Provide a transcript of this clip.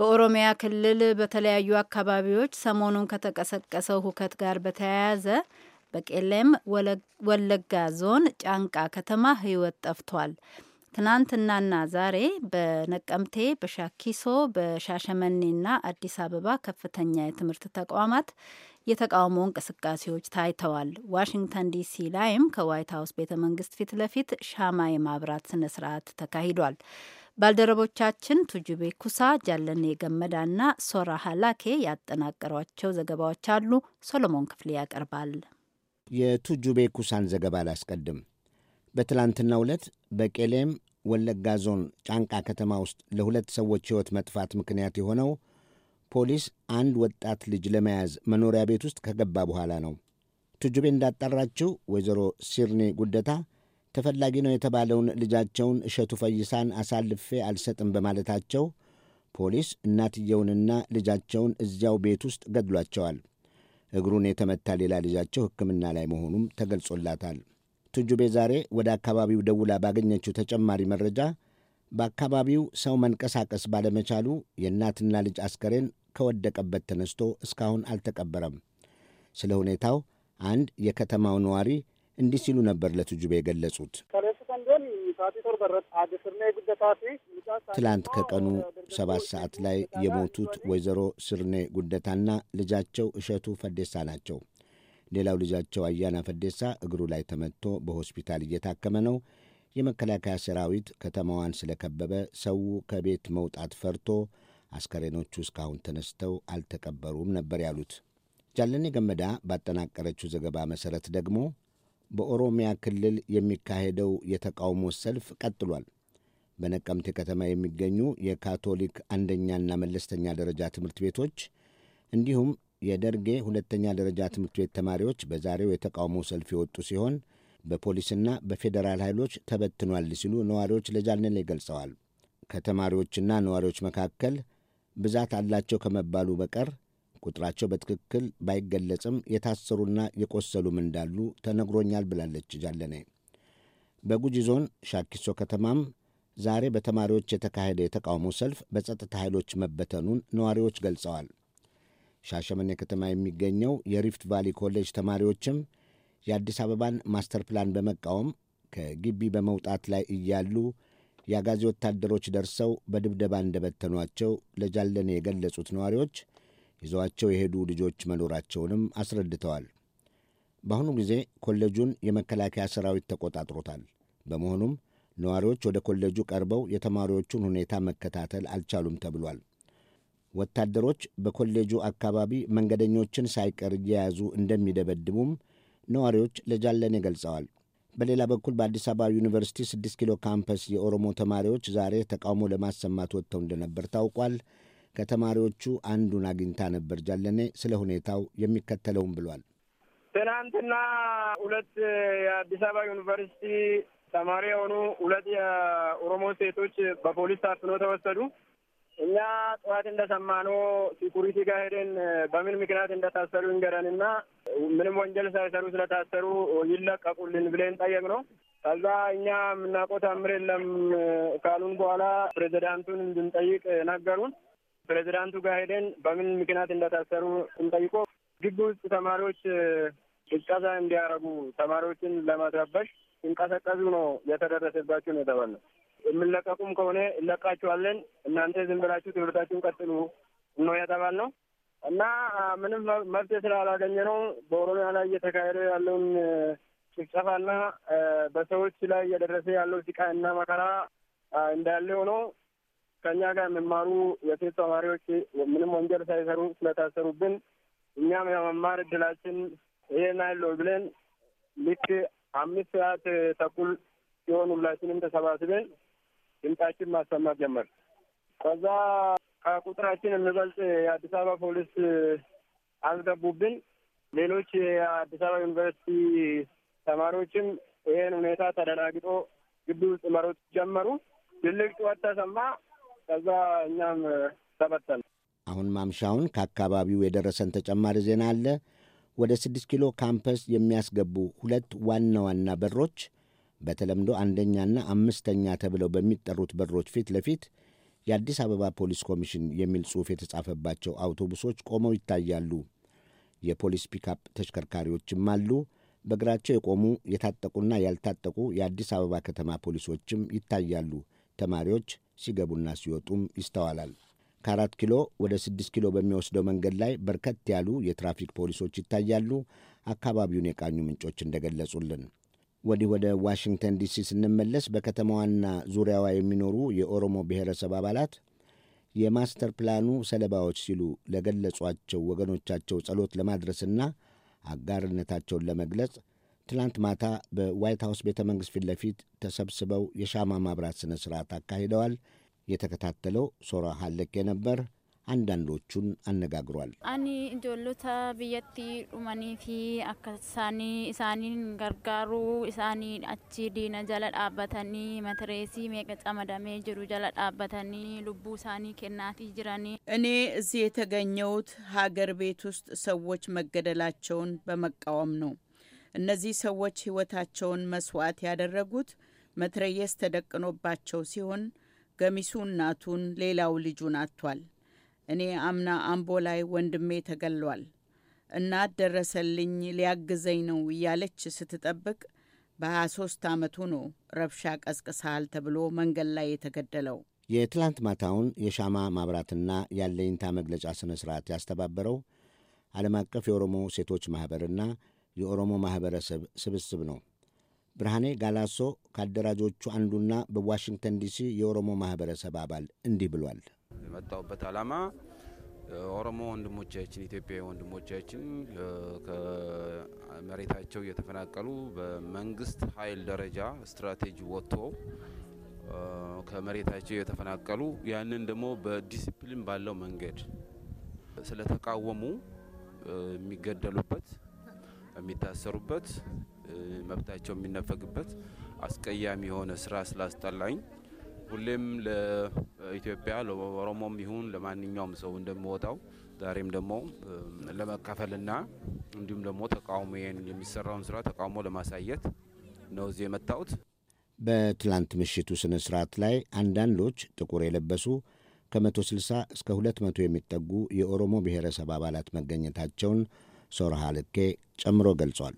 በኦሮሚያ ክልል በተለያዩ አካባቢዎች ሰሞኑን ከተቀሰቀሰው ሁከት ጋር በተያያዘ በቄሌም ወለጋ ዞን ጫንቃ ከተማ ሕይወት ጠፍቷል። ትናንትናና ዛሬ በነቀምቴ፣ በሻኪሶ፣ በሻሸመኔና አዲስ አበባ ከፍተኛ የትምህርት ተቋማት የተቃውሞ እንቅስቃሴዎች ታይተዋል። ዋሽንግተን ዲሲ ላይም ከዋይት ሀውስ ቤተ መንግስት ፊት ለፊት ሻማ የማብራት ስነ ስርዓት ተካሂዷል። ባልደረቦቻችን ቱጁቤ ኩሳ፣ ጃለኔ ገመዳና ሶራ ሀላኬ ያጠናቀሯቸው ዘገባዎች አሉ። ሶሎሞን ክፍሌ ያቀርባል። የቱጁቤ ኩሳን ዘገባ ላስቀድም። በትላንትናው ዕለት በቄሌም ወለጋ ዞን ጫንቃ ከተማ ውስጥ ለሁለት ሰዎች ሕይወት መጥፋት ምክንያት የሆነው ፖሊስ አንድ ወጣት ልጅ ለመያዝ መኖሪያ ቤት ውስጥ ከገባ በኋላ ነው። ቱጁቤ እንዳጣራችው ወይዘሮ ሲርኒ ጉደታ ተፈላጊ ነው የተባለውን ልጃቸውን እሸቱ ፈይሳን አሳልፌ አልሰጥም በማለታቸው ፖሊስ እናትየውንና ልጃቸውን እዚያው ቤት ውስጥ ገድሏቸዋል። እግሩን የተመታ ሌላ ልጃቸው ሕክምና ላይ መሆኑም ተገልጾላታል። ትጁቤ ዛሬ ወደ አካባቢው ደውላ ባገኘችው ተጨማሪ መረጃ በአካባቢው ሰው መንቀሳቀስ ባለመቻሉ የእናትና ልጅ አስከሬን ከወደቀበት ተነስቶ እስካሁን አልተቀበረም። ስለ ሁኔታው አንድ የከተማው ነዋሪ እንዲህ ሲሉ ነበር ለትጁቤ የገለጹት። ትላንት ከቀኑ ሰባት ሰዓት ላይ የሞቱት ወይዘሮ ስርኔ ጉደታና ልጃቸው እሸቱ ፈዴሳ ናቸው። ሌላው ልጃቸው አያና ፈዴሳ እግሩ ላይ ተመትቶ በሆስፒታል እየታከመ ነው። የመከላከያ ሰራዊት ከተማዋን ስለከበበ ሰው ከቤት መውጣት ፈርቶ አስከሬኖቹ እስካሁን ተነስተው አልተቀበሩም ነበር ያሉት። ጃለኔ ገመዳ ባጠናቀረችው ዘገባ መሠረት ደግሞ በኦሮሚያ ክልል የሚካሄደው የተቃውሞ ሰልፍ ቀጥሏል። በነቀምቴ ከተማ የሚገኙ የካቶሊክ አንደኛና መለስተኛ ደረጃ ትምህርት ቤቶች እንዲሁም የደርጌ ሁለተኛ ደረጃ ትምህርት ቤት ተማሪዎች በዛሬው የተቃውሞ ሰልፍ የወጡ ሲሆን በፖሊስና በፌዴራል ኃይሎች ተበትኗል ሲሉ ነዋሪዎች ለጃልኔሌ ገልጸዋል። ከተማሪዎችና ነዋሪዎች መካከል ብዛት አላቸው ከመባሉ በቀር ቁጥራቸው በትክክል ባይገለጽም የታሰሩና የቆሰሉም እንዳሉ ተነግሮኛል ብላለች ጃለኔ። በጉጂ ዞን ሻኪሶ ከተማም ዛሬ በተማሪዎች የተካሄደ የተቃውሞ ሰልፍ በጸጥታ ኃይሎች መበተኑን ነዋሪዎች ገልጸዋል። ሻሸመኔ ከተማ የሚገኘው የሪፍት ቫሊ ኮሌጅ ተማሪዎችም የአዲስ አበባን ማስተር ፕላን በመቃወም ከግቢ በመውጣት ላይ እያሉ የአጋዜ ወታደሮች ደርሰው በድብደባ እንደበተኗቸው ለጃለኔ የገለጹት ነዋሪዎች ይዘዋቸው የሄዱ ልጆች መኖራቸውንም አስረድተዋል። በአሁኑ ጊዜ ኮሌጁን የመከላከያ ሰራዊት ተቆጣጥሮታል። በመሆኑም ነዋሪዎች ወደ ኮሌጁ ቀርበው የተማሪዎቹን ሁኔታ መከታተል አልቻሉም ተብሏል። ወታደሮች በኮሌጁ አካባቢ መንገደኞችን ሳይቀር እየያዙ እንደሚደበድቡም ነዋሪዎች ለጃለኔ ገልጸዋል። በሌላ በኩል በአዲስ አበባ ዩኒቨርሲቲ ስድስት ኪሎ ካምፐስ የኦሮሞ ተማሪዎች ዛሬ ተቃውሞ ለማሰማት ወጥተው እንደነበር ታውቋል። ከተማሪዎቹ አንዱን አግኝታ ነበር። ጃለኔ ስለ ሁኔታው የሚከተለውም ብሏል። ትናንትና ሁለት የአዲስ አበባ ዩኒቨርሲቲ ተማሪ የሆኑ ሁለት የኦሮሞ ሴቶች በፖሊስ ታፍኖ ተወሰዱ። እኛ ጠዋት እንደሰማነው ሲኩሪቲ ጋር ሄደን በምን ምክንያት እንደታሰሩ ይንገረን ምንም ወንጀል ሳይሰሩ ስለታሰሩ ይለቀቁልን ብለን ጠየቅነው። ከዛ እኛ የምናውቀው ታምር የለም ካሉን በኋላ ፕሬዚዳንቱን እንድንጠይቅ ነገሩን። ፕሬዚዳንቱ ጋር ሄደን በምን ምክንያት እንደታሰሩ ስንጠይቆ ግቢ ውስጥ ተማሪዎች ቅስቀሳ እንዲያደርጉ ተማሪዎችን ለማስረበሽ ሲንቀሳቀሱ ነው የተደረሰባችሁ ነው የተባለ። የምንለቀቁም ከሆነ እለቃችኋለን፣ እናንተ ዝም ብላችሁ ትምህርታችሁን ቀጥሉ ነው እና ምንም መፍትሄ ስላላገኘ ነው በኦሮሚያ ላይ እየተካሄደ ያለውን ጭፍጨፋና በሰዎች ላይ እየደረሰ ያለው ስቃይና መከራ እንዳለ ሆኖ ከእኛ ጋር የሚማሩ የሴት ተማሪዎች ምንም ወንጀል ሳይሰሩ ስለታሰሩብን እኛም የመማር እድላችን ይሄን አይለው ብለን ልክ አምስት ሰዓት ተኩል ሲሆን ሁላችንም ተሰባስበን ድምጻችን ማሰማት ጀመር። ከዛ ከቁጥራችን የሚበልጥ የአዲስ አበባ ፖሊስ አስገቡብን። ሌሎች የአዲስ አበባ ዩኒቨርሲቲ ተማሪዎችም ይሄን ሁኔታ ተደናግጦ ግቢ ውስጥ መሮጥ ጀመሩ። ትልቅ ጩኸት ተሰማ። ከዛ እኛም ተበተን። አሁን ማምሻውን ከአካባቢው የደረሰን ተጨማሪ ዜና አለ። ወደ ስድስት ኪሎ ካምፐስ የሚያስገቡ ሁለት ዋና ዋና በሮች በተለምዶ አንደኛና አምስተኛ ተብለው በሚጠሩት በሮች ፊት ለፊት የአዲስ አበባ ፖሊስ ኮሚሽን የሚል ጽሑፍ የተጻፈባቸው አውቶቡሶች ቆመው ይታያሉ። የፖሊስ ፒካፕ ተሽከርካሪዎችም አሉ። በእግራቸው የቆሙ የታጠቁና ያልታጠቁ የአዲስ አበባ ከተማ ፖሊሶችም ይታያሉ። ተማሪዎች ሲገቡና ሲወጡም ይስተዋላል። ከአራት ኪሎ ወደ ስድስት ኪሎ በሚወስደው መንገድ ላይ በርከት ያሉ የትራፊክ ፖሊሶች ይታያሉ። አካባቢውን የቃኙ ምንጮች እንደገለጹልን ወዲህ ወደ ዋሽንግተን ዲሲ ስንመለስ በከተማዋና ዙሪያዋ የሚኖሩ የኦሮሞ ብሔረሰብ አባላት የማስተር ፕላኑ ሰለባዎች ሲሉ ለገለጿቸው ወገኖቻቸው ጸሎት ለማድረስና አጋርነታቸውን ለመግለጽ ትላንት ማታ በዋይት ሀውስ ቤተ መንግሥት ፊት ለፊት ተሰብስበው የሻማ ማብራት ሥነ ሥርዓት አካሂደዋል። የተከታተለው ሶራ ሀለኬ ነበር። አንዳንዶቹን አነጋግሯል። አኒ ኢጆሎታ ብየቲ ዱመኒፊ አካሳኒ እሳኒን ገርጋሩ እሳኒ አቺ ዲነ ጀለ ዳበተኒ መትሬሲ ሜቀ ጨመደሜ ጅሩ ጀለ ዳበተኒ ልቡ እሳኒ ኬናቲ ጅረኒ እኔ እዚህ የተገኘሁት ሀገር ቤት ውስጥ ሰዎች መገደላቸውን በመቃወም ነው። እነዚህ ሰዎች ሕይወታቸውን መስዋዕት ያደረጉት መትረየስ ተደቅኖባቸው ሲሆን ገሚሱ እናቱን፣ ሌላው ልጁን አጥቷል። እኔ አምና አምቦ ላይ ወንድሜ ተገሏል። እናት ደረሰልኝ ሊያግዘኝ ነው እያለች ስትጠብቅ በ23 ዓመቱ ነው ረብሻ ቀስቅሳል ተብሎ መንገድ ላይ የተገደለው። የትላንት ማታውን የሻማ ማብራትና ያለኝታ መግለጫ ሥነ ሥርዓት ያስተባበረው ዓለም አቀፍ የኦሮሞ ሴቶች ማኅበርና የኦሮሞ ማኅበረሰብ ስብስብ ነው። ብርሃኔ ጋላሶ ከአደራጆቹ አንዱና በዋሽንግተን ዲሲ የኦሮሞ ማኅበረሰብ አባል እንዲህ ብሏል። የመጣሁበት ዓላማ ኦሮሞ ወንድሞቻችን ኢትዮጵያዊ ወንድሞቻችን ከመሬታቸው እየተፈናቀሉ በመንግስት ኃይል ደረጃ ስትራቴጂ ወጥቶ ከመሬታቸው እየተፈናቀሉ ያንን ደግሞ በዲሲፕሊን ባለው መንገድ ስለተቃወሙ የሚገደሉበት የሚታሰሩበት መብታቸው የሚነፈግበት አስቀያሚ የሆነ ስራ ስላስጠላኝ ሁሌም ለኢትዮጵያ ለኦሮሞም ይሁን ለማንኛውም ሰው እንደምወጣው ዛሬም ደግሞ ለመካፈልና እንዲሁም ደግሞ ተቃውሞን የሚሰራውን ስራ ተቃውሞ ለማሳየት ነው እዚህ የመጣሁት። በትላንት ምሽቱ ስነ ስርዓት ላይ አንዳንዶች ጥቁር የለበሱ ከ160 እስከ 200 የሚጠጉ የኦሮሞ ብሔረሰብ አባላት መገኘታቸውን ሶርሃልኬ ጨምሮ ገልጿል።